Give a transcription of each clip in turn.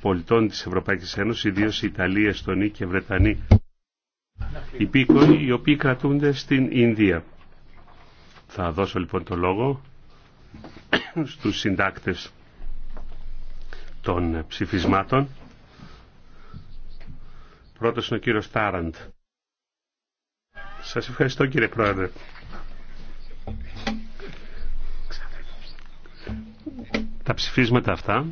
πολιτών της Ευρωπαϊκής Ένωσης, ιδίως Ιταλοί, Εστονή και Βρετανοί υπήκοοι, οι οποίοι κρατούνται στην Ινδία. Θα δώσω λοιπόν το λόγο στους συντάκτες των ψηφισμάτων. Πρώτος είναι ο κύριος Τάραντ. Σας ευχαριστώ κύριε Πρόεδρε. Τα ψηφίσματα αυτά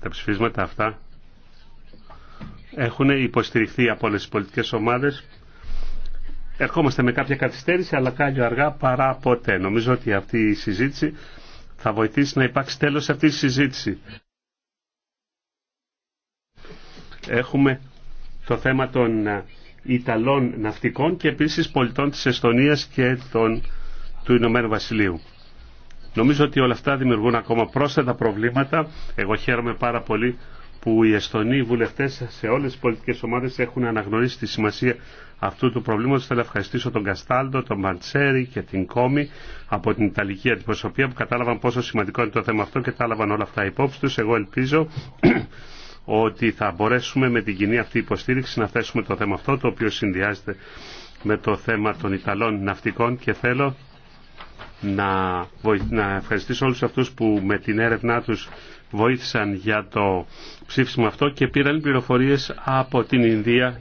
Τα ψηφίσματα αυτά έχουν υποστηριχθεί από όλες τις πολιτικές ομάδες. Ερχόμαστε με κάποια καθυστέρηση, αλλά κάλλιο αργά παρά ποτέ. Νομίζω ότι αυτή η συζήτηση θα βοηθήσει να υπάρξει τέλος αυτή τη συζήτηση. Έχουμε το θέμα των ε, Ιταλών ναυτικών και επίσης πολιτών της Εστονίας και των, του Ηνωμένου Βασιλείου. Νομίζω ότι όλα αυτά δημιουργούν ακόμα πρόσθετα προβλήματα. Εγώ χαίρομαι πάρα πολύ που οι Εστονοί βουλευτέ σε όλε τι πολιτικέ ομάδε έχουν αναγνωρίσει τη σημασία αυτού του προβλήματο. Θέλω να ευχαριστήσω τον Καστάλτο, τον Μαντσέρη και την Κόμη από την Ιταλική Αντιπροσωπεία που κατάλαβαν πόσο σημαντικό είναι το θέμα αυτό και τα έλαβαν όλα αυτά υπόψη του. Εγώ ελπίζω ότι θα μπορέσουμε με την κοινή αυτή υποστήριξη να θέσουμε το θέμα αυτό το οποίο συνδυάζεται με το θέμα των Ιταλών ναυτικών και θέλω να, ευχαριστήσω όλους αυτούς που με την έρευνά τους βοήθησαν για το ψήφισμα αυτό και πήραν πληροφορίες από την Ινδία.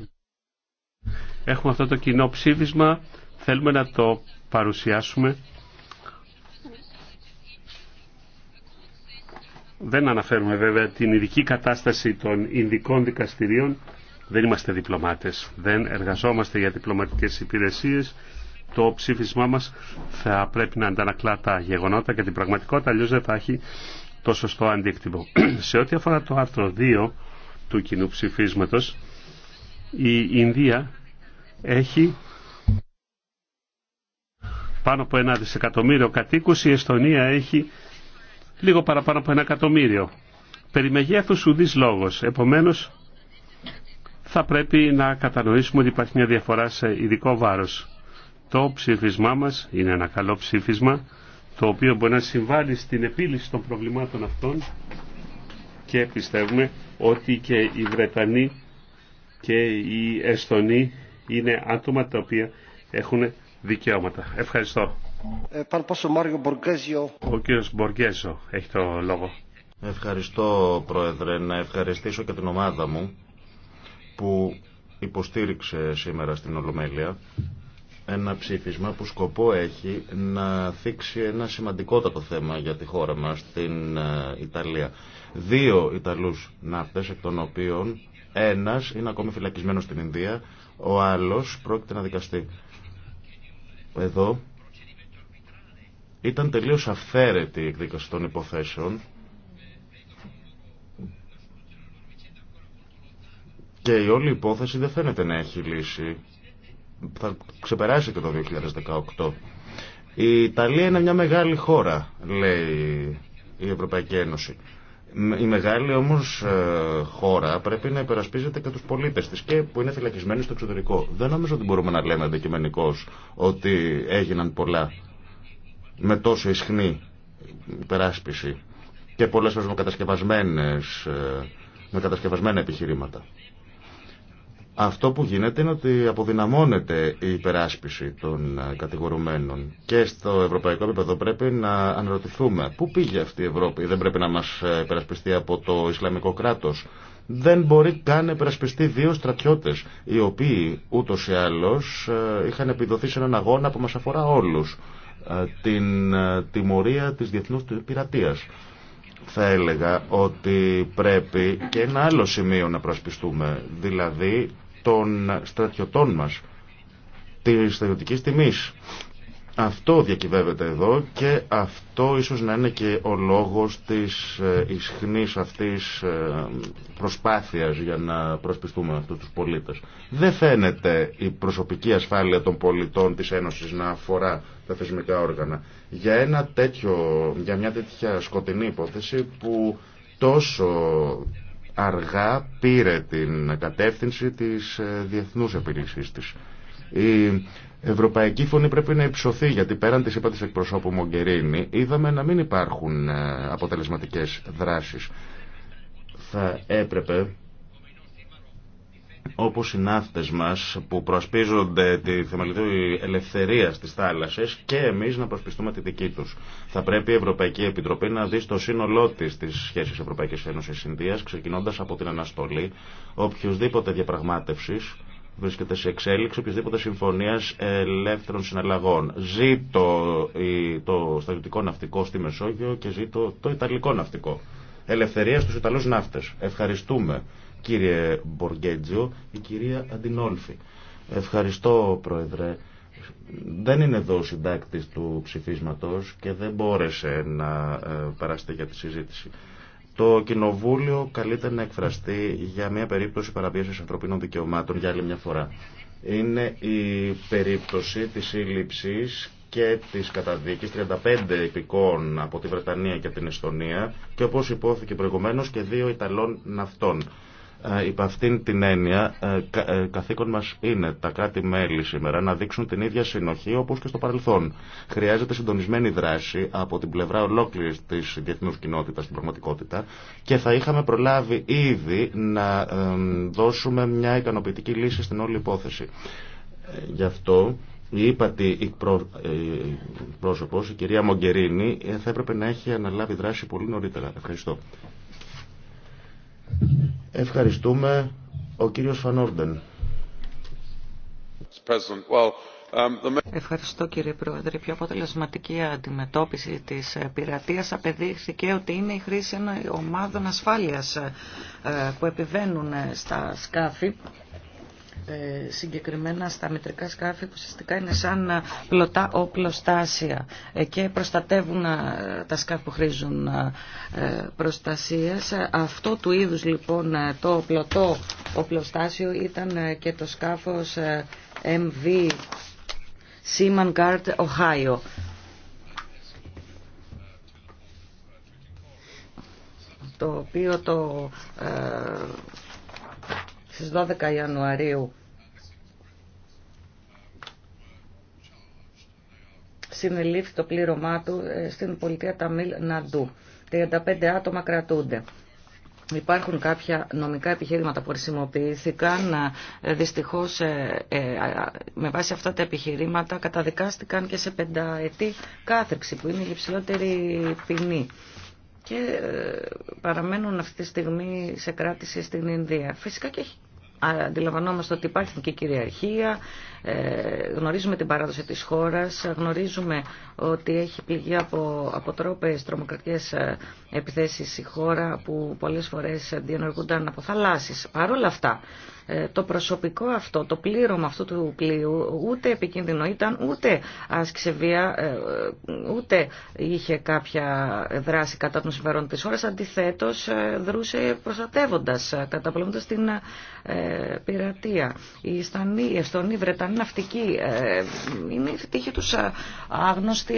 Έχουμε αυτό το κοινό ψήφισμα, θέλουμε να το παρουσιάσουμε. Δεν αναφέρουμε βέβαια την ειδική κατάσταση των Ινδικών δικαστηρίων. Δεν είμαστε διπλωμάτες, δεν εργαζόμαστε για διπλωματικές υπηρεσίες το ψήφισμά μας θα πρέπει να αντανακλά τα γεγονότα και την πραγματικότητα, αλλιώς δεν θα έχει το σωστό αντίκτυπο. Σε ό,τι αφορά το άρθρο 2 του κοινού ψηφίσματος, η Ινδία έχει πάνω από ένα δισεκατομμύριο κατοίκους, η Εστονία έχει λίγο παραπάνω από ένα εκατομμύριο. Περί μεγέθους ουδής λόγος. Επομένως, θα πρέπει να κατανοήσουμε ότι υπάρχει μια διαφορά σε ειδικό βάρος. Το ψήφισμά μας είναι ένα καλό ψήφισμα το οποίο μπορεί να συμβάλλει στην επίλυση των προβλημάτων αυτών και πιστεύουμε ότι και οι Βρετανοί και οι Εστονοί είναι άτομα τα οποία έχουν δικαιώματα. Ευχαριστώ. Ο κύριος Μποργέζο έχει το λόγο. Ευχαριστώ Πρόεδρε να ευχαριστήσω και την ομάδα μου που υποστήριξε σήμερα στην Ολομέλεια ένα ψήφισμα που σκοπό έχει να θίξει ένα σημαντικότατο θέμα για τη χώρα μας, την ε, Ιταλία. Δύο Ιταλούς ναύτες, εκ των οποίων ένας είναι ακόμη φυλακισμένος στην Ινδία, ο άλλος πρόκειται να δικαστεί. Εδώ ήταν τελείως αυθαίρετη η εκδίκαση των υποθέσεων και η όλη υπόθεση δεν φαίνεται να έχει λύσει θα ξεπεράσει και το 2018. Η Ιταλία είναι μια μεγάλη χώρα, λέει η Ευρωπαϊκή Ένωση. Η μεγάλη όμως ε, χώρα πρέπει να υπερασπίζεται και τους πολίτες της και που είναι φυλακισμένοι στο εξωτερικό. Δεν νομίζω ότι μπορούμε να λέμε αντικειμενικώ ότι έγιναν πολλά με τόσο ισχνή υπεράσπιση και πολλές φορές με ε, με κατασκευασμένα επιχειρήματα. Αυτό που γίνεται είναι ότι αποδυναμώνεται η υπεράσπιση των ε, κατηγορουμένων και στο ευρωπαϊκό επίπεδο πρέπει να αναρωτηθούμε πού πήγε αυτή η Ευρώπη, δεν πρέπει να μας ε, υπερασπιστεί από το Ισλαμικό κράτος. Δεν μπορεί καν να υπερασπιστεί δύο στρατιώτες, οι οποίοι ούτως ή άλλως ε, είχαν επιδοθεί σε έναν αγώνα που μας αφορά όλους, την τιμωρία της διεθνούς πειρατείας θα έλεγα ότι πρέπει και ένα άλλο σημείο να προσπιστούμε, δηλαδή των στρατιωτών μας, της στρατιωτικής τιμής. Αυτό διακυβεύεται εδώ και αυτό ίσως να είναι και ο λόγος της ε, ισχνής αυτής ε, προσπάθειας για να προσπιστούμε αυτούς τους πολίτες. Δεν φαίνεται η προσωπική ασφάλεια των πολιτών της Ένωσης να αφορά τα θεσμικά όργανα. Για, ένα τέτοιο, για μια τέτοια σκοτεινή υπόθεση που τόσο αργά πήρε την κατεύθυνση της ε, διεθνούς επίλυσής της. Η ευρωπαϊκή φωνή πρέπει να υψωθεί γιατί πέραν της είπα της εκπροσώπου Μογκερίνη είδαμε να μην υπάρχουν ε, αποτελεσματικές δράσεις. Θα έπρεπε όπως ναύτες μας που προασπίζονται τη θεμελιωτή ελευθερία στις θάλασσες και εμείς να προσπιστούμε τη δική τους. Θα πρέπει η Ευρωπαϊκή Επιτροπή να δει στο σύνολό της τις σχέσεις Ευρωπαϊκής Ένωσης Ινδίας ξεκινώντας από την αναστολή οποιοδήποτε διαπραγμάτευσης βρίσκεται σε εξέλιξη οποιασδήποτε συμφωνία ελεύθερων συναλλαγών. Ζήτω το στρατιωτικό ναυτικό στη Μεσόγειο και ζήτω το ιταλικό ναυτικό. Ελευθερία στους Ιταλούς ναύτες. Ευχαριστούμε κύριε Μποργέτζιο, η κυρία Αντινόλφη. Ευχαριστώ, Πρόεδρε. Δεν είναι εδώ ο συντάκτης του ψηφίσματος και δεν μπόρεσε να ε, παραστεί για τη συζήτηση. Το Κοινοβούλιο καλείται να εκφραστεί για μια περίπτωση παραβίασης ανθρωπίνων δικαιωμάτων για άλλη μια φορά. Είναι η περίπτωση της σύλληψης και της καταδίκης 35 υπηκών από τη Βρετανία και την Εστονία και όπως υπόθηκε προηγουμένως και δύο Ιταλών ναυτών. Ε, υπ' αυτήν την έννοια, ε, ε, καθήκον μας είναι τα κράτη-μέλη σήμερα να δείξουν την ίδια συνοχή όπως και στο παρελθόν. Χρειάζεται συντονισμένη δράση από την πλευρά ολόκληρης της διεθνούς κοινότητας στην πραγματικότητα και θα είχαμε προλάβει ήδη να δώσουμε μια ικανοποιητική λύση στην όλη υπόθεση. Γι' αυτό η ύπατη πρόσωπος, η κυρία Μογκερίνη, θα έπρεπε να έχει αναλάβει δράση πολύ νωρίτερα. Ευχαριστώ. Ευχαριστούμε. Ο κύριος Φανόρντεν. Um, Ευχαριστώ κύριε Πρόεδρε. Η πιο αποτελεσματική αντιμετώπιση της ε, πειρατείας απεδείχθηκε ότι είναι η χρήση ομάδων ασφάλειας ε, ε, που επιβαίνουν στα σκάφη ε, συγκεκριμένα στα μετρικά σκάφη που ουσιαστικά είναι σαν ε, πλωτά όπλοστάσια ε, και προστατεύουν τα σκάφη που χρήζουν προστασίας. Αυτό του είδους λοιπόν το πλωτό οπλοστάσιο ήταν και το σκάφος MV Seaman Guard Ohio. το οποίο το στις 12 Ιανουαρίου συνελήφθη το πλήρωμά του ε, στην πολιτεία Ταμίλ Ναντού. 35 άτομα κρατούνται. Υπάρχουν κάποια νομικά επιχειρήματα που χρησιμοποιήθηκαν. Ε, δυστυχώς ε, με βάση αυτά τα επιχειρήματα καταδικάστηκαν και σε πενταετή κάθεξη που είναι η υψηλότερη ποινή. Και παραμένουν αυτή τη στιγμή σε κράτηση στην Ινδία. Φυσικά και έχει αντιλαμβανόμαστε ότι υπάρχει και κυριαρχία, ε, γνωρίζουμε την παράδοση της χώρας, γνωρίζουμε ότι έχει πληγεί από, από τρόπες τρομοκρατικές ε, επιθέσεις η χώρα που πολλές φορές διενεργούνταν από θαλάσσεις. Παρ' όλα αυτά, ε, το προσωπικό αυτό, το πλήρωμα αυτού του πλοίου ούτε επικίνδυνο ήταν, ούτε άσκησε βία, ε, ούτε είχε κάποια δράση κατά των συμφερών της χώρας. Αντιθέτως ε, δρούσε προστατεύοντας, καταπολεμώντας την πειρατεία. Οι Ιστανοί, οι Εστονοί, οι Βρετανοί ναυτικοί είναι η τύχη τους άγνωστοι,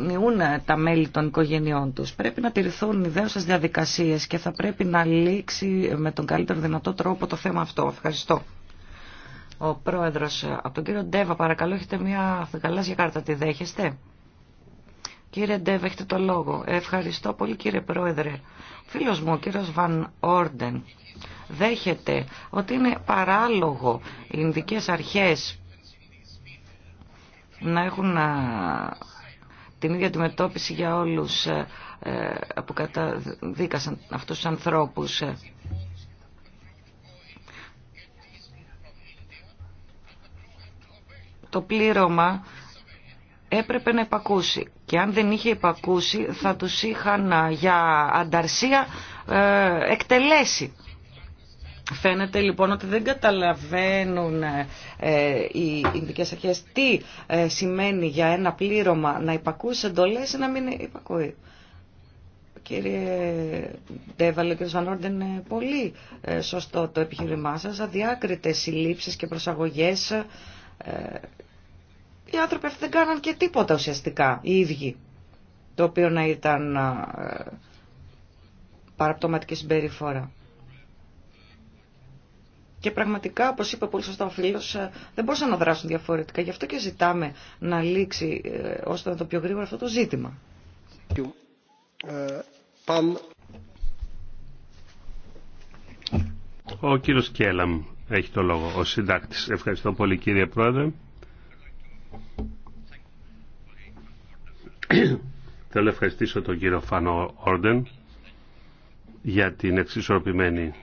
νιούν τα μέλη των οικογενειών τους. Πρέπει να τηρηθούν ιδέωσες διαδικασίες και θα πρέπει να λήξει με τον καλύτερο δυνατό τρόπο το θέμα θέμα αυτό. Ευχαριστώ. Ο πρόεδρος, ε, από τον κύριο Ντέβα, παρακαλώ, έχετε μια γαλάζια κάρτα, τη δέχεστε. Κύριε Ντέβα, έχετε το λόγο. Ευχαριστώ πολύ κύριε πρόεδρε. Φίλος μου, ο κύριος Βαν Όρντεν, δέχεται ότι είναι παράλογο οι ειδικέ αρχές να έχουν ε, την ίδια αντιμετώπιση για όλους ε, που καταδίκασαν αυτούς τους ανθρώπους. το πλήρωμα έπρεπε να υπακούσει. Και αν δεν είχε υπακούσει θα τους είχαν ε, για ανταρσία ε, εκτελέσει. Φαίνεται λοιπόν ότι δεν καταλαβαίνουν ε, οι Ινδικές Αρχές τι σημαίνει για ένα πλήρωμα να υπακούσει εντολές ή να μην υπακούει. Κύριε Ντέβαλε, κύριε Σανόρντ, είναι πολύ σωστό το επιχείρημά σας. Αδιάκριτες συλλήψεις και προσαγωγές ε, οι άνθρωποι αυτοί δεν κάναν και τίποτα ουσιαστικά οι ίδιοι, το οποίο να ήταν ε, παραπτωματική συμπεριφορά. Και πραγματικά, όπως είπε πολύ σωστά ο φίλος, ε, δεν μπορούσαν να δράσουν διαφορετικά. Γι' αυτό και ζητάμε να λήξει ώστε να το πιο γρήγορα αυτό το ζήτημα. Ο κύριος Κέλαμ έχει το λόγο ο συντάκτης. Ευχαριστώ πολύ κύριε Πρόεδρε. Θέλω να ευχαριστήσω τον κύριο Φανό Όρντεν για την εξισορροπημένη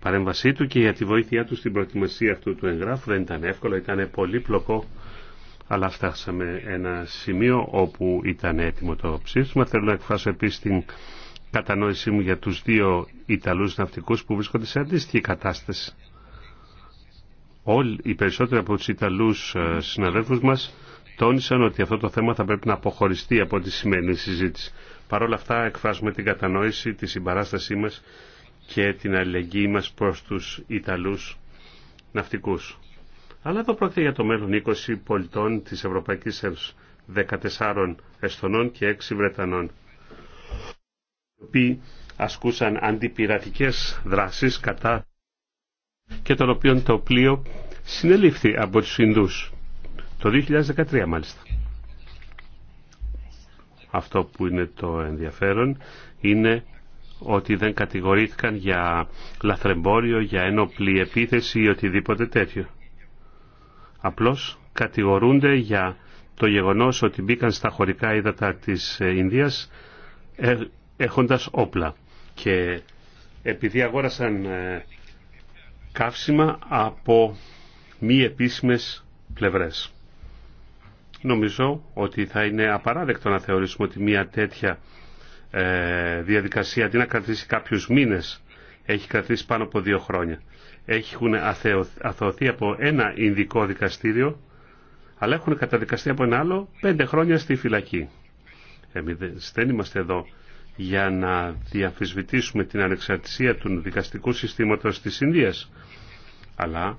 παρέμβασή του και για τη βοήθειά του στην προετοιμασία αυτού του εγγράφου. Δεν ήταν εύκολο, ήταν πολύπλοκο, αλλά φτάσαμε ένα σημείο όπου ήταν έτοιμο το ψήφισμα. Θέλω να εκφράσω επίσης την κατανόησή μου για τους δύο Ιταλούς ναυτικούς που βρίσκονται σε αντίστοιχη κατάσταση. Όλοι οι περισσότεροι από τους Ιταλούς ε, συναδέλφους μας τόνισαν ότι αυτό το θέμα θα πρέπει να αποχωριστεί από τη σημερινή συζήτηση. Παρ' όλα αυτά εκφράζουμε την κατανόηση, τη συμπαράστασή μας και την αλληλεγγύη μας προς τους Ιταλούς ναυτικούς. Αλλά εδώ πρόκειται για το μέλλον 20 πολιτών της Ευρωπαϊκής Ένωσης, 14 Εστονών και 6 Βρετανών οι οποίοι ασκούσαν αντιπειρατικές δράσεις κατά και των οποίων το πλοίο συνελήφθη από τους Ινδούς το 2013 μάλιστα. Αυτό που είναι το ενδιαφέρον είναι ότι δεν κατηγορήθηκαν για λαθρεμπόριο, για ένοπλη επίθεση ή οτιδήποτε τέτοιο. Απλώς κατηγορούνται για το γεγονός ότι μπήκαν στα χωρικά ύδατα της ε, Ινδίας ε, έχοντας όπλα. Και επειδή αγόρασαν ε, καύσιμα από μη επίσημες πλευρές. Νομίζω ότι θα είναι απαράδεκτο να θεωρήσουμε ότι μια τέτοια ε, διαδικασία αντί να κρατήσει κάποιους μήνες έχει κρατήσει πάνω από δύο χρόνια. Έχουν αθωωθεί από ένα ειδικό δικαστήριο αλλά έχουν καταδικαστεί από ένα άλλο πέντε χρόνια στη φυλακή. Εμείς δεν είμαστε εδώ για να διαφυσβητήσουμε την ανεξαρτησία του δικαστικού συστήματος της Ινδίας. Αλλά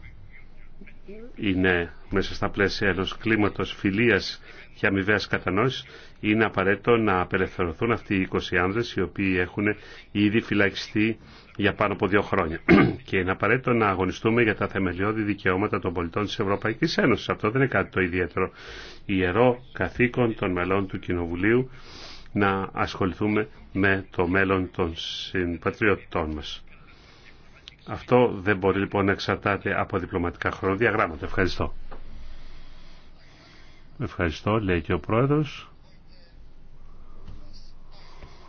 είναι μέσα στα πλαίσια ενός κλίματος φιλίας και αμοιβαίας κατανόησης είναι απαραίτητο να απελευθερωθούν αυτοί οι 20 άνδρες οι οποίοι έχουν ήδη φυλακιστεί για πάνω από δύο χρόνια. και είναι απαραίτητο να αγωνιστούμε για τα θεμελιώδη δικαιώματα των πολιτών της Ευρωπαϊκής Ένωσης. Αυτό δεν είναι κάτι το ιδιαίτερο ιερό καθήκον των μελών του Κοινοβουλίου να ασχοληθούμε με το μέλλον των συμπατριωτών μας. Αυτό δεν μπορεί λοιπόν να εξαρτάται από διπλωματικά χρονοδιαγράμματα. Ευχαριστώ. Ευχαριστώ, λέει και ο πρόεδρος.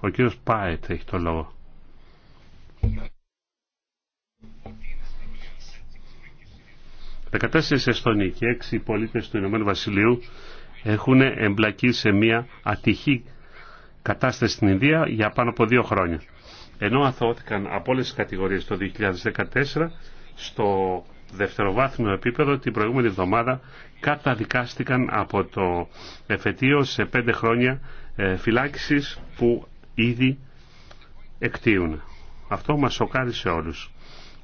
Ο κύριος Πάετ έχει το λόγο. Δεκατέσσερις Εστονοί και έξι πολίτες του Ηνωμένου Βασιλείου έχουν εμπλακεί σε μια ατυχή κατάσταση στην Ινδία για πάνω από δύο χρόνια. Ενώ αθώθηκαν από όλε τι κατηγορίες το 2014, στο δευτεροβάθμιο επίπεδο την προηγούμενη εβδομάδα καταδικάστηκαν από το εφετείο σε πέντε χρόνια ε, φυλάκισης που ήδη εκτίουν. Αυτό μας σοκάρισε όλους.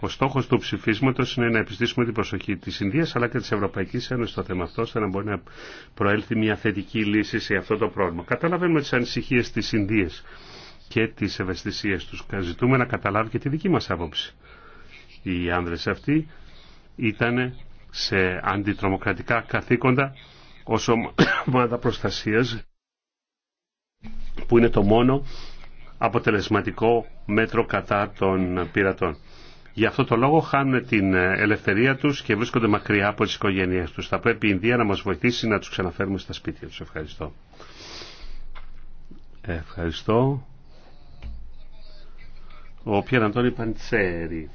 Ο στόχο του ψηφίσματο είναι να επιστήσουμε την προσοχή τη Ινδία αλλά και τη Ευρωπαϊκή Ένωση στο θέμα αυτό, ώστε να μπορεί να προέλθει μια θετική λύση σε αυτό το πρόβλημα. Καταλαβαίνουμε τι ανησυχίε τη Ινδία και τι ευαισθησίε του. Ζητούμε να καταλάβει και τη δική μα άποψη. Οι άνδρες αυτοί ήταν σε αντιτρομοκρατικά καθήκοντα ω ομάδα προστασία, που είναι το μόνο αποτελεσματικό μέτρο κατά των πειρατών. Γι' αυτό το λόγο χάνουν την ε, ελευθερία του και βρίσκονται μακριά από τι οικογένειε του. Θα πρέπει η Ινδία να μα βοηθήσει να του ξαναφέρουμε στα σπίτια του. Ευχαριστώ. Ευχαριστώ. Ο Πιέρ Αντώνη Παντσέρη.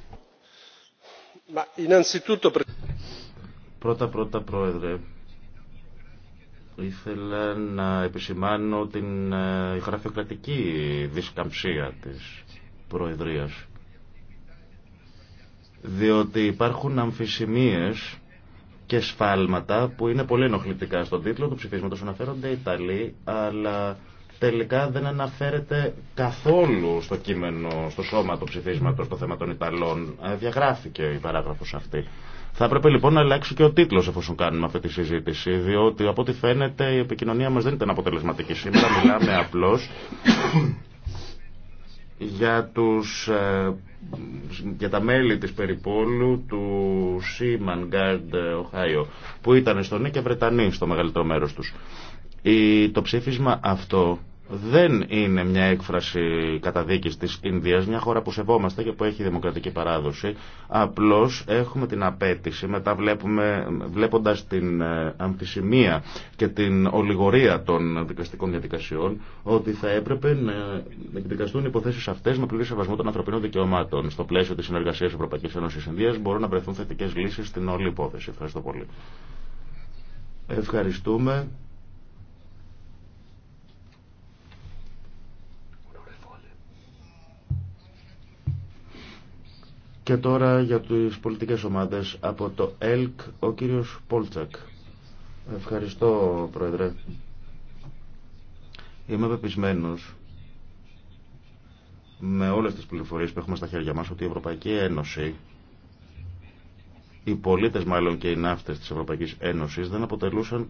Πρώτα πρώτα πρόεδρε, ήθελα να επισημάνω την ε, γραφειοκρατική δισκαμψία της Προεδρία διότι υπάρχουν αμφισημίες και σφάλματα που είναι πολύ ενοχλητικά στον τίτλο του ψηφίσματος αναφέρονται Ιταλοί αλλά τελικά δεν αναφέρεται καθόλου στο κείμενο, στο σώμα του ψηφίσματος το θέμα των Ιταλών ε, διαγράφηκε η παράγραφος αυτή θα έπρεπε λοιπόν να αλλάξει και ο τίτλος εφόσον κάνουμε αυτή τη συζήτηση διότι από ό,τι φαίνεται η επικοινωνία μας δεν ήταν αποτελεσματική σήμερα μιλάμε απλώς για, τους, ε, για τα μέλη της περιπόλου του Seaman Guard ε, Ohio που ήταν Εστονοί και Βρετανοί στο μεγαλύτερο μέρος τους. το ψήφισμα αυτό δεν είναι μια έκφραση καταδίκης της Ινδίας, μια χώρα που σεβόμαστε και που έχει δημοκρατική παράδοση. Απλώς έχουμε την απέτηση, μετά βλέπουμε, βλέποντας την ε, αμφισημία και την ολιγορία των δικαστικών διαδικασιών, ότι θα έπρεπε να εκδικαστούν οι υποθέσεις αυτές με πλήρη σεβασμό των ανθρωπίνων δικαιωμάτων. Στο πλαίσιο της συνεργασίας Ευρωπαϊκής Ένωσης Ινδίας μπορούν να βρεθούν θετικές λύσεις στην όλη υπόθεση. Ευχαριστώ πολύ. Ευχαριστούμε. Και τώρα για τις πολιτικές ομάδες από το ΕΛΚ ο κύριος Πόλτσακ. Ευχαριστώ Πρόεδρε. Είμαι πεπισμένος με όλες τις πληροφορίες που έχουμε στα χέρια μας ότι η Ευρωπαϊκή Ένωση οι πολίτες μάλλον και οι ναύτες της Ευρωπαϊκής Ένωσης δεν αποτελούσαν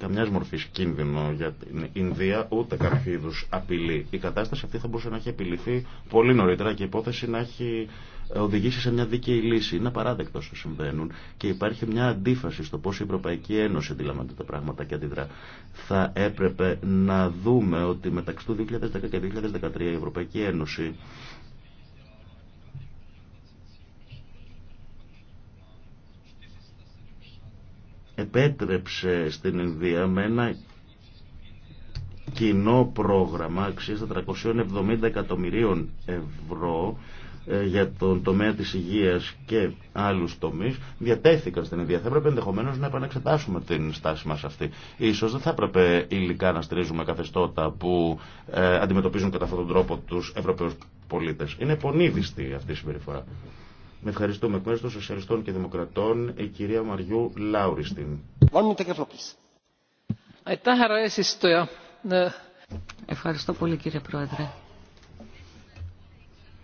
καμιά μορφή κίνδυνο για την Ινδία ούτε κάποιο είδου απειλή. Η κατάσταση αυτή θα μπορούσε να έχει επιληθεί πολύ νωρίτερα και η υπόθεση να έχει οδηγήσει σε μια δίκαιη λύση. Είναι απαράδεκτο όσο συμβαίνουν και υπάρχει μια αντίφαση στο πώς η Ευρωπαϊκή Ένωση αντιλαμβάνεται τα πράγματα και αντιδρά. Θα έπρεπε να δούμε ότι μεταξύ του 2010 και 2013 η Ευρωπαϊκή Ένωση επέτρεψε στην Ινδία με ένα κοινό πρόγραμμα αξίας 470 εκατομμυρίων ευρώ ε, για τον τομέα της υγείας και άλλους τομείς διατέθηκαν στην Ινδία. Θα έπρεπε ενδεχομένως να επαναξετάσουμε την στάση μας αυτή. Ίσως δεν θα έπρεπε υλικά να στηρίζουμε καθεστώτα που ε, αντιμετωπίζουν κατά αυτόν τον τρόπο τους Ευρωπαίους πολίτες. Είναι πονίδιστη αυτή η συμπεριφορά. Με ευχαριστούμε. Εκ μέρου των Σοσιαλιστών και Δημοκρατών, η κυρία Μαριού Λάουριστην. Ευχαριστώ πολύ κύριε Πρόεδρε.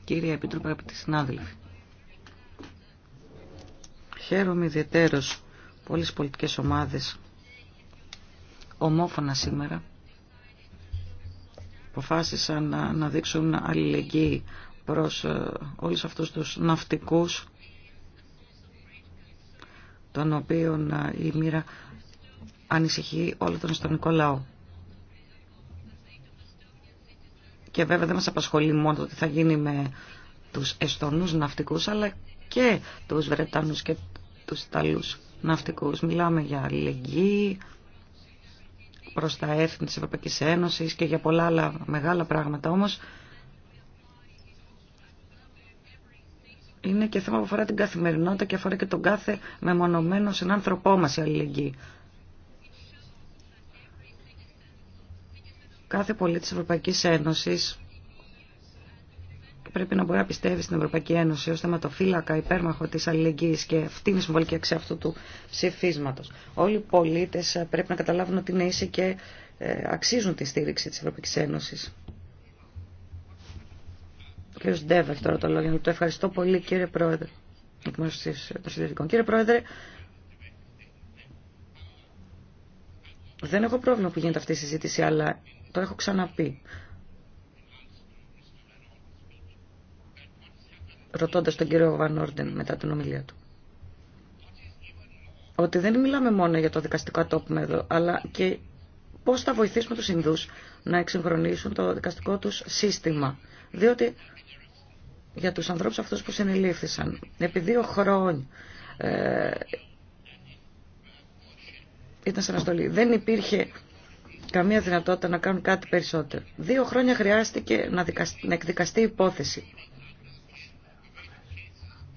Κύριε Επίτροπε, αγαπητοί συνάδελφοι. Χαίρομαι ιδιαίτερω που όλες πολιτικές ομάδες ομόφωνα σήμερα αποφάσισαν να, να δείξουν αλληλεγγύη προς ε, όλους αυτούς τους ναυτικούς των οποίων ε, η μοίρα ανησυχεί όλο τον ιστορικό λαό. Και βέβαια δεν μας απασχολεί μόνο το τι θα γίνει με τους εστονούς ναυτικούς, αλλά και τους Βρετανούς και τους Ιταλούς ναυτικούς. Μιλάμε για αλληλεγγύη προς τα έθνη της Ευρωπαϊκής Ένωσης και για πολλά άλλα μεγάλα πράγματα όμως είναι και θέμα που αφορά την καθημερινότητα και αφορά και τον κάθε μεμονωμένο συνάνθρωπό μας η αλληλεγγύη. Κάθε πολίτη της Ευρωπαϊκής Ένωσης πρέπει να μπορεί να πιστεύει στην Ευρωπαϊκή Ένωση ως θεματοφύλακα υπέρμαχο της αλληλεγγύης και αυτή είναι η συμβολική αξία αυτού του ψηφίσματος. Όλοι οι πολίτες πρέπει να καταλάβουν ότι είναι ίσοι και ε, αξίζουν τη στήριξη της Ευρωπαϊκής Ένωσης κύριο Ντέβερ τώρα το λόγο. Το ευχαριστώ πολύ κύριε Πρόεδρε. Κύριε Πρόεδρε, δεν έχω πρόβλημα που γίνεται αυτή η συζήτηση, αλλά το έχω ξαναπεί. Ρωτώντας τον κύριο Βαν Όρντεν μετά την ομιλία του ότι δεν μιλάμε μόνο για το δικαστικό ατόπιμο εδώ, αλλά και πώς θα βοηθήσουμε τους Ινδούς να εξυγχρονίσουν το δικαστικό του σύστημα. Διότι για τους ανθρώπους αυτούς που συνελήφθησαν. Επί δύο χρόνια ε, ήταν σαν αστολή. Δεν υπήρχε καμία δυνατότητα να κάνουν κάτι περισσότερο. Δύο χρόνια χρειάστηκε να, δικαστεί, εκδικαστεί η υπόθεση.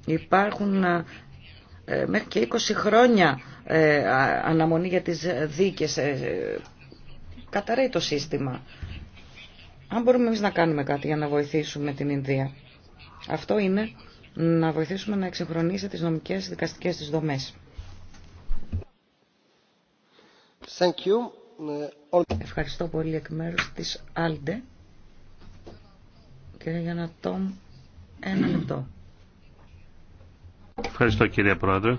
Υπάρχουν ε, μέχρι και 20 χρόνια ε, αναμονή για τις δίκες. Ε, καταραίει το σύστημα. Αν μπορούμε εμείς να κάνουμε κάτι για να βοηθήσουμε την Ινδία. Αυτό είναι να βοηθήσουμε να εξυγχρονίσει τις νομικές δικαστικές της δομές. Thank you. Ευχαριστώ πολύ εκ μέρους της Άλντε. Κύριε Γιάννα Τόμ, ένα λεπτό. Ευχαριστώ κύριε Πρόεδρε.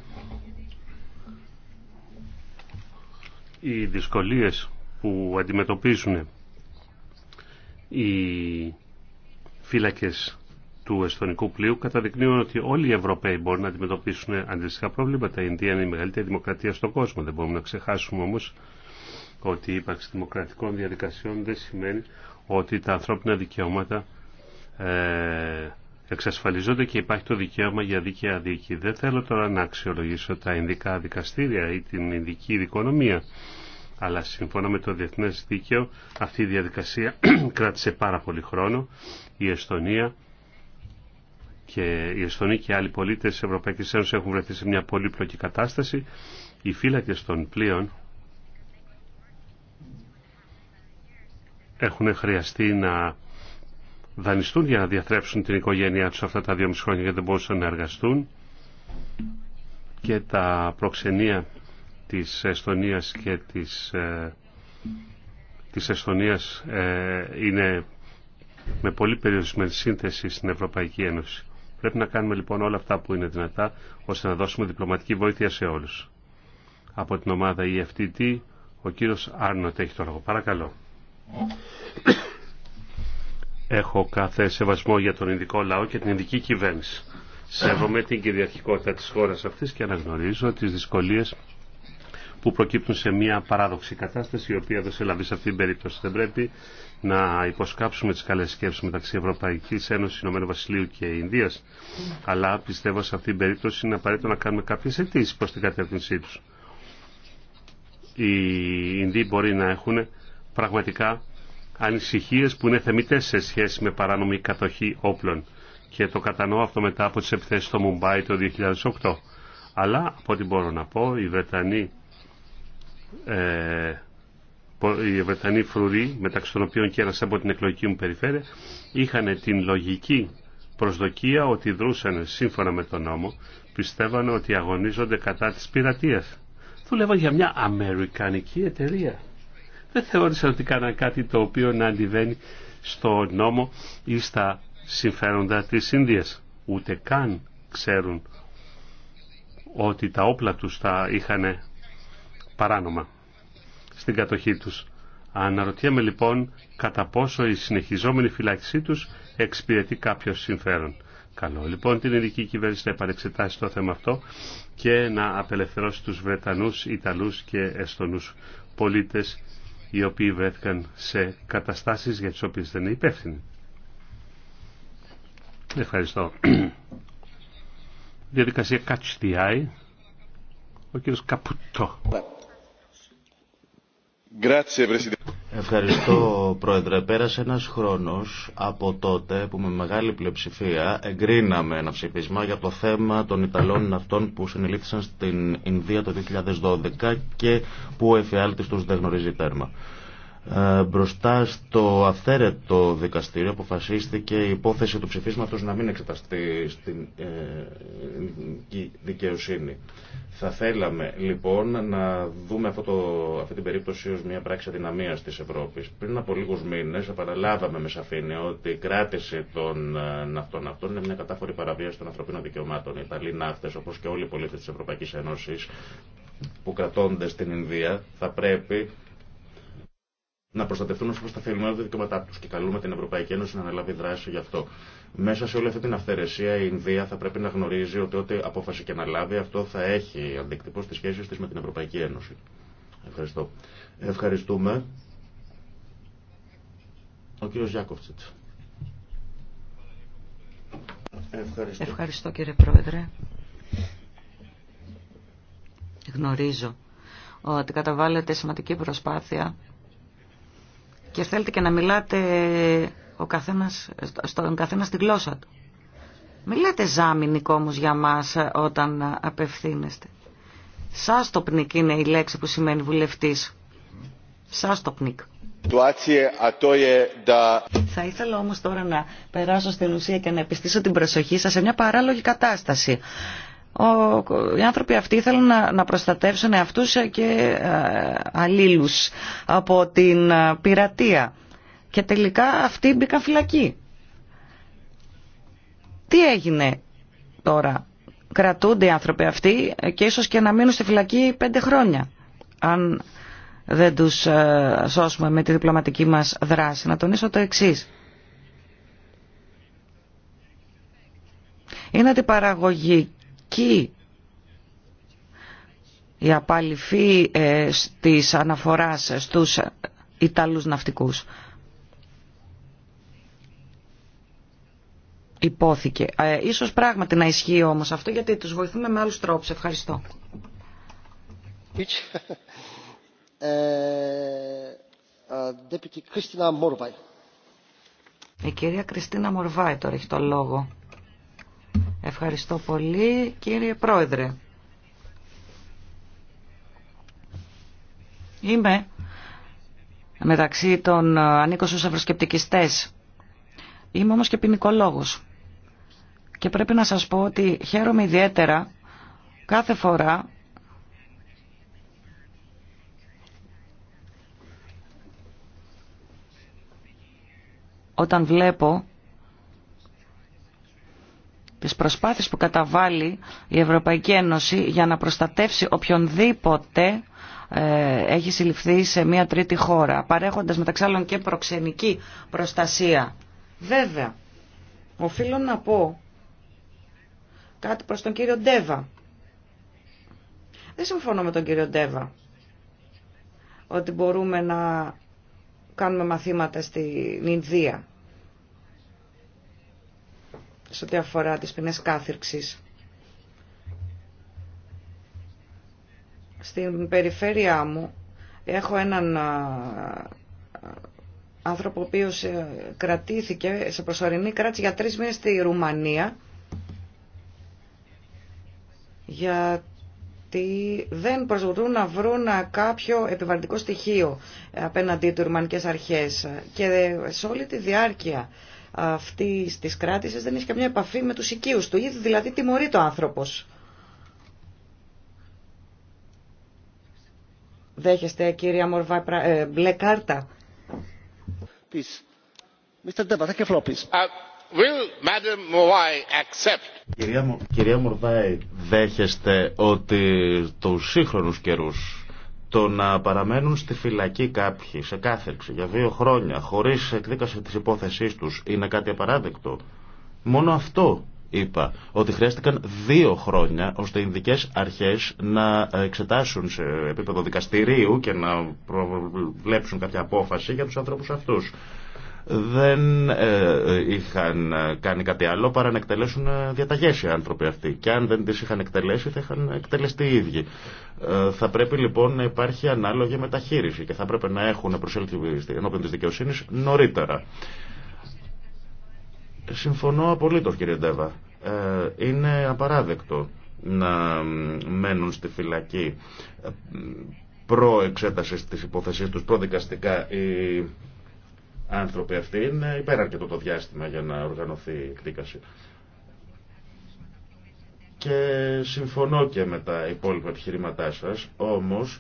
Οι δυσκολίες που αντιμετωπίζουν οι φύλακες του εσθονικού πλοίου καταδεικνύουν ότι όλοι οι Ευρωπαίοι μπορούν να αντιμετωπίσουν αντιστοιχά προβλήματα. Η Ινδία είναι η μεγαλύτερη δημοκρατία στον κόσμο. Δεν μπορούμε να ξεχάσουμε όμω ότι η ύπαρξη δημοκρατικών διαδικασιών δεν σημαίνει ότι τα ανθρώπινα δικαιώματα ε, εξασφαλίζονται και υπάρχει το δικαίωμα για δίκαια δίκη. Δεν θέλω τώρα να αξιολογήσω τα ειδικά δικαστήρια ή την ειδική δικονομία, αλλά σύμφωνα με το διεθνές δίκαιο αυτή η διαδικασία κράτησε πάρα πολύ χρόνο. Η Εστονία και οι Εσθονοί και άλλοι πολίτες της Ευρωπαϊκής Ένωσης έχουν βρεθεί σε μια πολύπλοκη κατάσταση. Οι φύλακες των πλοίων έχουν χρειαστεί να δανειστούν για να διαθρέψουν την οικογένειά τους αυτά τα δύο μισή χρόνια γιατί δεν μπορούσαν να εργαστούν και τα προξενία της Εστονίας και της, ε, της Εστονίας ε, είναι με πολύ περιορισμένη σύνθεση στην Ευρωπαϊκή Ένωση. Πρέπει να κάνουμε λοιπόν όλα αυτά που είναι δυνατά ώστε να δώσουμε διπλωματική βοήθεια σε όλους. Από την ομάδα EFTT ο κύριος Άρνοτ έχει το λόγο. Παρακαλώ. Έχω κάθε σεβασμό για τον ειδικό λαό και την ειδική κυβέρνηση. Σέβομαι την κυριαρχικότητα της χώρας αυτής και αναγνωρίζω τις δυσκολίες που προκύπτουν σε μια παράδοξη κατάσταση η οποία δεν σε λαβεί σε αυτήν την περίπτωση. Δεν πρέπει να υποσκάψουμε τι καλέ σκέψεις μεταξύ Ευρωπαϊκή Ένωση, Ηνωμένου Βασιλείου και Ινδίας, αλλά πιστεύω σε αυτήν την περίπτωση είναι απαραίτητο να κάνουμε κάποιε αιτήσει προ την κατεύθυνσή του. Οι Ινδοί μπορεί να έχουν πραγματικά ανησυχίε που είναι θεμητέ σε σχέση με παράνομη κατοχή όπλων και το κατανοώ αυτό μετά από τι επιθέσει στο Μουμπάι το 2008. Αλλά από ό,τι μπορώ να πω, οι Βρετανοί ε, οι Βρετανοί φρουροί, μεταξύ των οποίων και ένας από την εκλογική μου περιφέρεια, είχαν την λογική προσδοκία ότι δρούσαν σύμφωνα με τον νόμο, πιστεύανε ότι αγωνίζονται κατά της πειρατείας. Δούλευαν για μια αμερικανική εταιρεία. Δεν θεώρησαν ότι κάναν κάτι το οποίο να αντιβαίνει στο νόμο ή στα συμφέροντα της Ινδίας. Ούτε καν ξέρουν ότι τα όπλα τους τα είχαν παράνομα στην κατοχή τους. Αναρωτιέμαι λοιπόν κατά πόσο η συνεχιζόμενη φυλάξη τους εξυπηρετεί κάποιο συμφέρον. Καλό. Λοιπόν την ειδική κυβέρνηση να επανεξετάσει το θέμα αυτό και να απελευθερώσει τους Βρετανούς, Ιταλούς και Εστονούς πολίτες οι οποίοι βρέθηκαν σε καταστάσεις για τις οποίες δεν είναι υπεύθυνοι. Ευχαριστώ. Διαδικασία Catch Ο Καπούτο. Ευχαριστώ Πρόεδρε. Πέρασε ένας χρόνος από τότε που με μεγάλη πλειοψηφία εγκρίναμε ένα ψηφίσμα για το θέμα των Ιταλών αυτών που συνελήφθησαν στην Ινδία το 2012 και που ο εφιάλτης τους δεν γνωρίζει τέρμα. Ε, μπροστά στο αυθαίρετο δικαστήριο αποφασίστηκε η υπόθεση του ψηφίσματος να μην εξεταστεί στην ε, δικαιοσύνη. Θα θέλαμε λοιπόν να δούμε αυτό αυτή την περίπτωση ως μια πράξη αδυναμίας της Ευρώπης. Πριν από λίγους μήνες επαναλάβαμε με σαφήνεια ότι η κράτηση των ε, ναυτών αυτών είναι μια κατάφορη παραβίαση των ανθρωπίνων δικαιωμάτων. Οι Ιταλοί ναύτες όπως και όλοι οι πολίτες της Ευρωπαϊκής Ένωσης που κρατώνται στην Ινδία θα πρέπει να προστατευτούν όπω τα θελημένα τα δικαιώματά του. Και καλούμε την Ευρωπαϊκή Ένωση να αναλάβει δράση γι' αυτό. Μέσα σε όλη αυτή την αυθαιρεσία, η Ινδία θα πρέπει να γνωρίζει ότι ό,τι απόφαση και να λάβει, αυτό θα έχει αντίκτυπο στι σχέσει τη με την Ευρωπαϊκή Ένωση. Ευχαριστώ. Ευχαριστούμε. Ο κύριο Γιάκοφτσιτ. Ευχαριστώ. Ευχαριστώ κύριε Πρόεδρε. Γνωρίζω ότι καταβάλλεται σημαντική προσπάθεια και θέλετε και να μιλάτε ο καθένας, στον καθένα στη γλώσσα του. Μιλάτε ζάμινικο όμως για μας όταν απευθύνεστε. Σάστοπνικ είναι η λέξη που σημαίνει βουλευτής. Σάστοπνικ. Θα ήθελα όμως τώρα να περάσω στην ουσία και να επιστήσω την προσοχή σας σε μια παράλογη κατάσταση οι άνθρωποι αυτοί θέλουν να, να προστατεύσουν αυτούς και ε, αλλήλους από την ε, πειρατεία. Και τελικά αυτοί μπήκαν φυλακοί. Τι έγινε τώρα. Κρατούνται οι άνθρωποι αυτοί και ίσως και να μείνουν στη φυλακή πέντε χρόνια. Αν δεν τους ε, σώσουμε με τη διπλωματική μας δράση. Να τονίσω το εξής. Είναι παραγωγή η απαλληφή ε, της αναφοράς στους Ιταλούς ναυτικούς. Υπόθηκε. Ε, ίσως πράγματι να ισχύει όμως αυτό γιατί τους βοηθούμε με άλλους τρόπους. Ευχαριστώ. Ε, ε, η κυρία Κριστίνα Μορβάη τώρα έχει το λόγο. Ευχαριστώ πολύ κύριε Πρόεδρε. Είμαι μεταξύ των ε, ανήκω στους ευρωσκεπτικιστές. Είμαι όμως και ποινικολόγος. Και πρέπει να σας πω ότι χαίρομαι ιδιαίτερα κάθε φορά όταν βλέπω τις προσπάθειες που καταβάλει η Ευρωπαϊκή Ένωση για να προστατεύσει οποιονδήποτε ε, έχει συλληφθεί σε μια τρίτη χώρα, παρέχοντας μεταξύ άλλων και προξενική προστασία. Βέβαια, οφείλω να πω κάτι προς τον κύριο Ντέβα. Δεν συμφωνώ με τον κύριο Ντέβα ότι μπορούμε να κάνουμε μαθήματα στην Ινδία σε ό,τι αφορά τις ποινές κάθυρξης. Στην περιφέρειά μου έχω έναν άνθρωπο ο οποίος ε, κρατήθηκε σε προσωρινή κράτηση για τρεις μήνες στη Ρουμανία γιατί δεν προσπαθούν να βρουν κάποιο επιβαρυντικό στοιχείο απέναντι του ρουμανικές αρχές και σε όλη τη διάρκεια αυτή τη κράτηση δεν έχει καμιά επαφή με του οικείου του. Ήδη δηλαδή τιμωρεί το άνθρωπο. Δέχεστε κυρία Μορβά ε, μπλε κάρτα. Uh, will Madam accept? Κυρία, κυρία Μορβάη, δέχεστε ότι τους σύγχρονους καιρούς το να παραμένουν στη φυλακή κάποιοι σε κάθεξη για δύο χρόνια χωρίς εκδίκαση της υπόθεσής τους είναι κάτι απαράδεκτο. Μόνο αυτό είπα ότι χρειάστηκαν δύο χρόνια ώστε οι ειδικές αρχές να εξετάσουν σε επίπεδο δικαστηρίου και να προβλέψουν κάποια απόφαση για τους ανθρώπους αυτούς δεν ε, είχαν ε, κάνει κάτι άλλο παρά να εκτελέσουν ε, διαταγές οι άνθρωποι αυτοί. Και αν δεν τις είχαν εκτελέσει θα είχαν εκτελεστεί οι ίδιοι. θα πρέπει λοιπόν να υπάρχει ανάλογη μεταχείριση και θα πρέπει να έχουν προσέλθει ενώπιον της δικαιοσύνης νωρίτερα. Συμφωνώ απολύτως κύριε Ντέβα. είναι απαράδεκτο να μένουν στη φυλακή προεξέταση της υπόθεσής τους προδικαστικά άνθρωποι αυτοί είναι υπεραρκετό το διάστημα για να οργανωθεί η εκδίκαση. Και συμφωνώ και με τα υπόλοιπα επιχειρήματά σας, όμως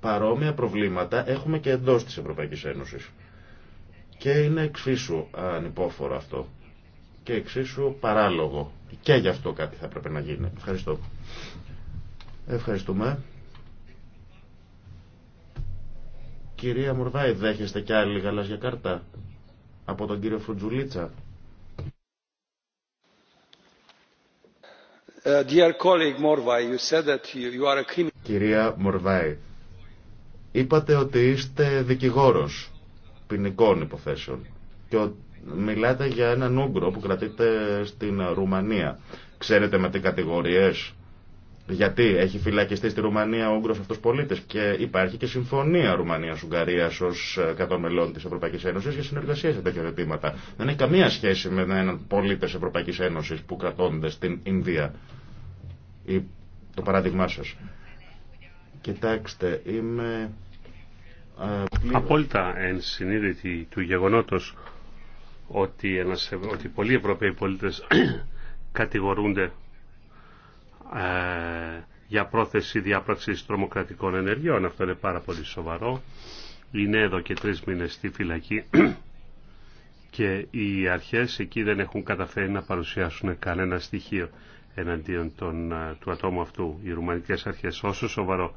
παρόμοια προβλήματα έχουμε και εντός της Ευρωπαϊκής Ένωση. Και είναι εξίσου ανυπόφορο αυτό και εξίσου παράλογο. Και γι' αυτό κάτι θα έπρεπε να γίνει. Ευχαριστώ. Ευχαριστούμε. Κυρία Μουρβάη, δέχεστε κι άλλη γαλάζια κάρτα από τον κύριο Φρουτζουλίτσα. Ε, dear colleague Morvai, you said that you are a... Κυρία Μορβάη, είπατε ότι είστε δικηγόρος ποινικών υποθέσεων και μιλάτε για έναν Ούγκρο που κρατείτε στην Ρουμανία. Ξέρετε με τι κατηγορίες γιατί έχει φυλακιστεί στη Ρουμανία ο Ούγγρος αυτός πολίτης και υπάρχει και συμφωνία Ρουμανίας-Ουγγαρίας ως ε, κατώ μελών της Ευρωπαϊκής Ένωσης για συνεργασία σε τέτοια ζητήματα. Δεν έχει καμία σχέση με έναν πολίτη Ευρωπαϊκής Ένωσης που κρατώνται στην Ινδία. Ή το παράδειγμά σας. Κοιτάξτε, είμαι... Ε, Απόλυτα ενσυνείδητη του γεγονότος ότι, ένας, ότι πολλοί Ευρωπαίοι πολίτες κατηγορούνται ε, για πρόθεση διάπραξης τρομοκρατικών ενεργειών. Αυτό είναι πάρα πολύ σοβαρό. Είναι εδώ και τρεις μήνες στη φυλακή και οι αρχές εκεί δεν έχουν καταφέρει να παρουσιάσουν κανένα στοιχείο εναντίον των, ε, του ατόμου αυτού. Οι ρουμανικές αρχές όσο σοβαρό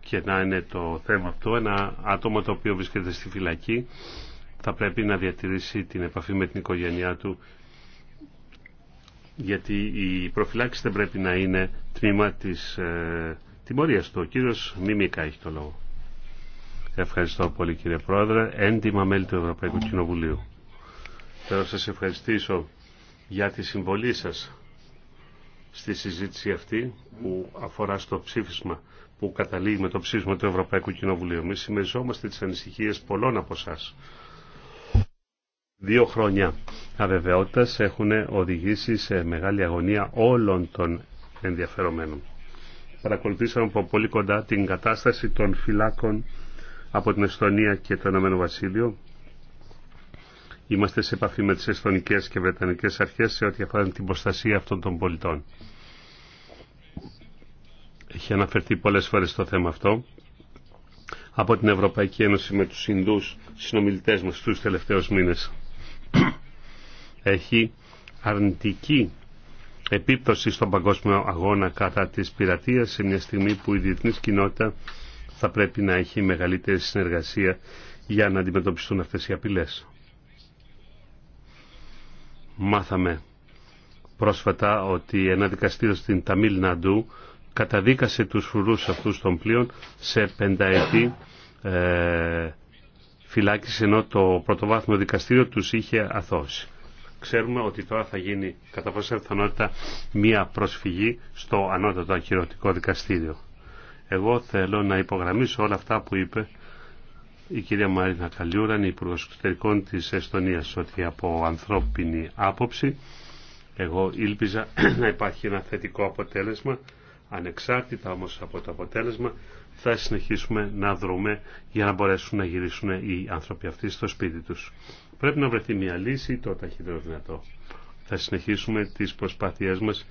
και να είναι το θέμα αυτό, ένα άτομο το οποίο βρίσκεται στη φυλακή θα πρέπει να διατηρήσει την επαφή με την οικογένειά του γιατί η προφυλάξη δεν πρέπει να είναι τμήμα της ε, τιμωρίας του. Ο κύριος Μιμίκα έχει το λόγο. Ευχαριστώ πολύ κύριε Πρόεδρε, έντιμα μέλη του Ευρωπαϊκού Κοινοβουλίου. Θέλω να σας ευχαριστήσω για τη συμβολή σας στη συζήτηση αυτή που αφορά στο ψήφισμα που καταλήγει με το ψήφισμα του Ευρωπαϊκού Κοινοβουλίου. Εμείς συμμεριζόμαστε τι ανησυχίε πολλών από εσά δύο χρόνια αβεβαιότητας έχουν οδηγήσει σε μεγάλη αγωνία όλων των ενδιαφερομένων. Παρακολουθήσαμε από πολύ κοντά την κατάσταση των φυλάκων από την Εστονία και το Ηνωμένο Βασίλειο. Είμαστε σε επαφή με τις εστονικές και βρετανικές αρχές σε ό,τι αφορά την προστασία αυτών των πολιτών. Έχει αναφερθεί πολλές φορές το θέμα αυτό από την Ευρωπαϊκή Ένωση με τους Ινδούς συνομιλητές μας τους τελευταίους μήνες έχει αρνητική επίπτωση στον παγκόσμιο αγώνα κατά της πειρατείας σε μια στιγμή που η διεθνής κοινότητα θα πρέπει να έχει μεγαλύτερη συνεργασία για να αντιμετωπιστούν αυτές οι απειλές. Μάθαμε πρόσφατα ότι ένα δικαστήριο στην Ταμίλ Ναντού καταδίκασε τους φρουρούς αυτούς των πλοίων σε πενταετή ε, φυλάκιση ενώ το πρωτοβάθμιο δικαστήριο τους είχε αθώσει. Ξέρουμε ότι τώρα θα γίνει κατά πάσα πιθανότητα μία προσφυγή στο ανώτατο ακυρωτικό δικαστήριο. Εγώ θέλω να υπογραμμίσω όλα αυτά που είπε η κυρία Μαρίνα Καλιούραν, η Υπουργός Εξωτερικών της Εστονίας, ότι από ανθρώπινη άποψη εγώ ήλπιζα να υπάρχει ένα θετικό αποτέλεσμα, ανεξάρτητα όμως από το αποτέλεσμα θα συνεχίσουμε να δρούμε για να μπορέσουν να γυρίσουν οι άνθρωποι αυτοί στο σπίτι τους. Πρέπει να βρεθεί μια λύση το ταχύτερο δυνατό. Θα συνεχίσουμε τις προσπάθειές μας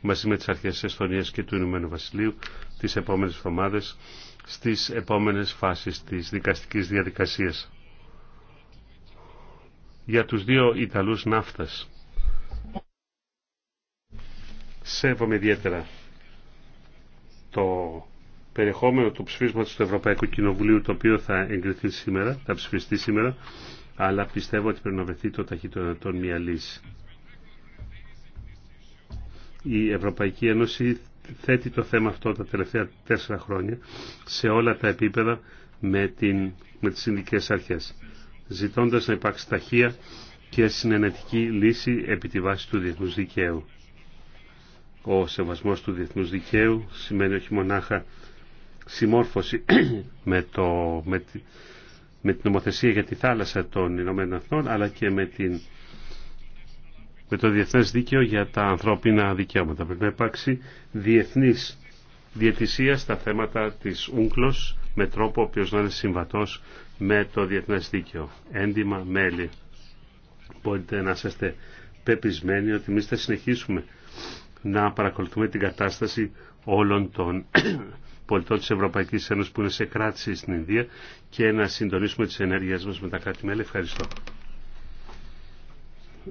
μαζί με τις αρχές της Εστονίας και του Ηνωμένου Βασιλείου τις επόμενες εβδομάδες στις επόμενες φάσεις της δικαστικής διαδικασίας. Για τους δύο Ιταλούς ναύτας. Σέβομαι ιδιαίτερα το περιεχόμενο του ψηφίσματος του Ευρωπαϊκού Κοινοβουλίου το οποίο θα εγκριθεί σήμερα, θα ψηφιστεί σήμερα αλλά πιστεύω ότι πρέπει να βρεθεί το ταχύτερο μια λύση. Η Ευρωπαϊκή Ένωση θέτει το θέμα αυτό τα τελευταία τέσσερα χρόνια σε όλα τα επίπεδα με, την, με τις συνδικές αρχές, ζητώντας να υπάρξει ταχεία και συνενετική λύση επί τη βάση του διεθνούς δικαίου. Ο σεβασμός του διεθνούς δικαίου σημαίνει όχι μονάχα συμμόρφωση με, το, με, τη, με, την νομοθεσία για τη θάλασσα των Ηνωμένων Εθνών αλλά και με, την, το διεθνές δίκαιο για τα ανθρώπινα δικαιώματα. Πρέπει να υπάρξει διεθνής διαιτησία στα θέματα της ούγκλος με τρόπο ο οποίος να είναι συμβατός με το διεθνές δίκαιο. Έντιμα μέλη. Μπορείτε να είστε πεπισμένοι ότι εμεί θα συνεχίσουμε να παρακολουθούμε την κατάσταση όλων των πολιτών της Ευρωπαϊκής Ένωσης που είναι σε κράτηση στην Ινδία και να συντονίσουμε τις ενέργειές μας με τα κράτη-μέλη. Ευχαριστώ.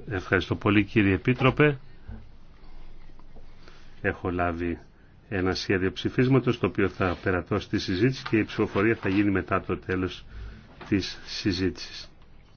Ευχαριστώ πολύ κύριε Επίτροπε. Έχω λάβει ένα σχέδιο ψηφίσματος το οποίο θα περατώ στη συζήτηση και η ψηφοφορία θα γίνει μετά το τέλος της συζήτησης.